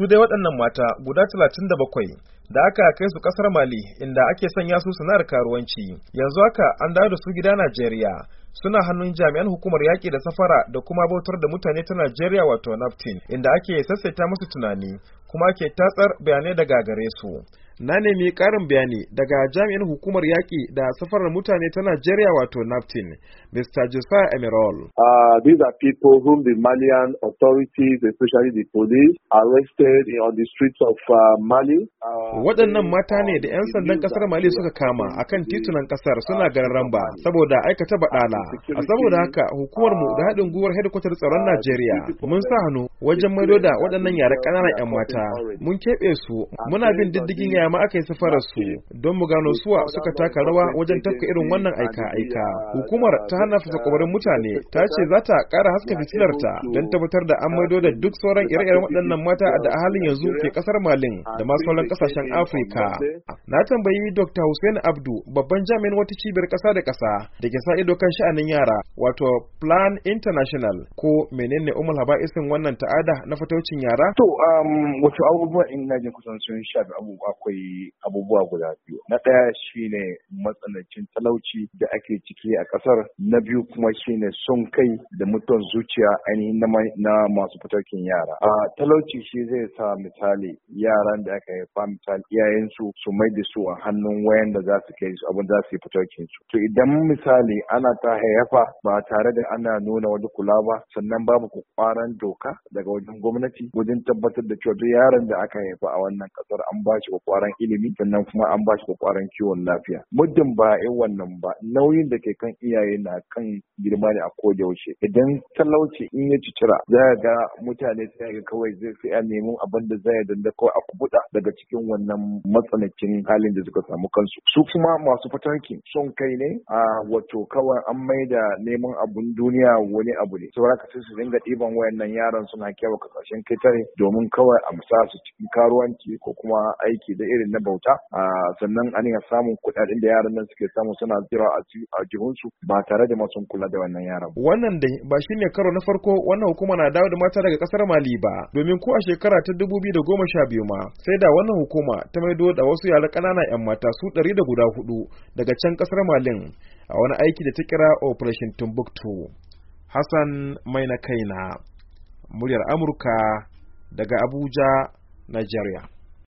su dai waɗannan mata guda 37 da aka kai su ƙasar mali inda ake sanya su sana'ar karuwanci yanzu haka an dawo da su gida najeriya suna hannun jami'an hukumar yaƙi da safara da kuma bautar da mutane ta najeriya wato naftin inda ake sassaita musu tunani kuma ake tatsar bayanai daga gare su na nemi ƙarin bayani daga jami'in hukumar yaƙi da safarar mutane ta Najeriya wato NAFTIN, Mr. Josiah Emerol. Uh, these are people whom the Malian authorities, especially the police, arrested on the streets of uh, Mali. Uh, Waɗannan mata ne da 'yan sandan ƙasar Mali suka kama a kan titunan ƙasar suna ganin ramba saboda aikata uh, baɗala. A saboda haka hukumar mu da haɗin uh, gwiwar hedikwatar tsaron uh, Najeriya mun sa hannu wajen maido da waɗannan yare ƙananan 'yan mata. Mun keɓe su muna bin diddigin yaya dama aka yi safarar su don mu gano suwa suka taka rawa wajen tafka irin wannan aika-aika. Hukumar ta hana fasakwabarin mutane ta ce za ta ƙara haska ta don tabbatar da an maido da duk sauran ire-iren waɗannan mata da a halin yanzu ke ƙasar Malin da masu sauran ƙasashen Afirka. Na tambayi Dr. Hussein Abdu babban jami'in wata cibiyar ƙasa da kasa da ke sa ido kan sha'anin yara wato Plan International ko menene umar haba'isin wannan ta'ada na fatocin yara? To, um, abubuwa wato na jin kusan sun shafi abubuwa akwai akwai abubuwa guda biyu na ɗaya shine matsanancin talauci da ake ciki a ƙasar na biyu kuma shine son kai da mutuwan zuciya ainihin na masu fitakin yara a talauci shi zai sa misali yaran da aka haifa misali iyayensu su mai da su a hannun wayan da za su kai su abin za su yi fitarkin su to idan misali ana ta haifa ba tare da ana nuna wani kula ba sannan babu kwakwaran doka daga wajen gwamnati wajen tabbatar da cewa yaran da aka haifa a wannan ƙasar an ba shi kwakwaran kwarin ilimi sannan kuma an ba shi da kwarin kiwon lafiya muddin ba yin wannan ba nauyin da ke kan iyaye na kan girma ne a koda yaushe idan talauci in ya ci cira za ga mutane sai ga kawai zai sai neman abin da zai danda kawai a kubuta daga cikin wannan matsanancin halin da suka samu kansu su kuma masu fatanki son kai ne a wato kawai an maida neman abun duniya wani abu ne saboda ka sai su dinga ɗiban wayannan yaran suna kyawa kasashen kai tare domin kawai a musa su cikin karuwanci ko kuma aiki da irin na bauta sannan an iya samun kuɗaɗen da yaran nan suke samu suna jira a jihunsu ba tare da masu kula da wannan yaran. Wannan da ba shi ne karo na farko wannan hukuma na dawo da mata daga kasar Mali ba domin ko a shekara ta dubu biyu da goma sha biyu ma sai da wannan hukuma ta maido da wasu yara ƙanana 'yan mata su ɗari da guda hudu daga can kasar Malin a wani aiki da ta kira Operation Timbuktu. Hassan mai na kaina muryar Amurka daga Abuja, Nigeria.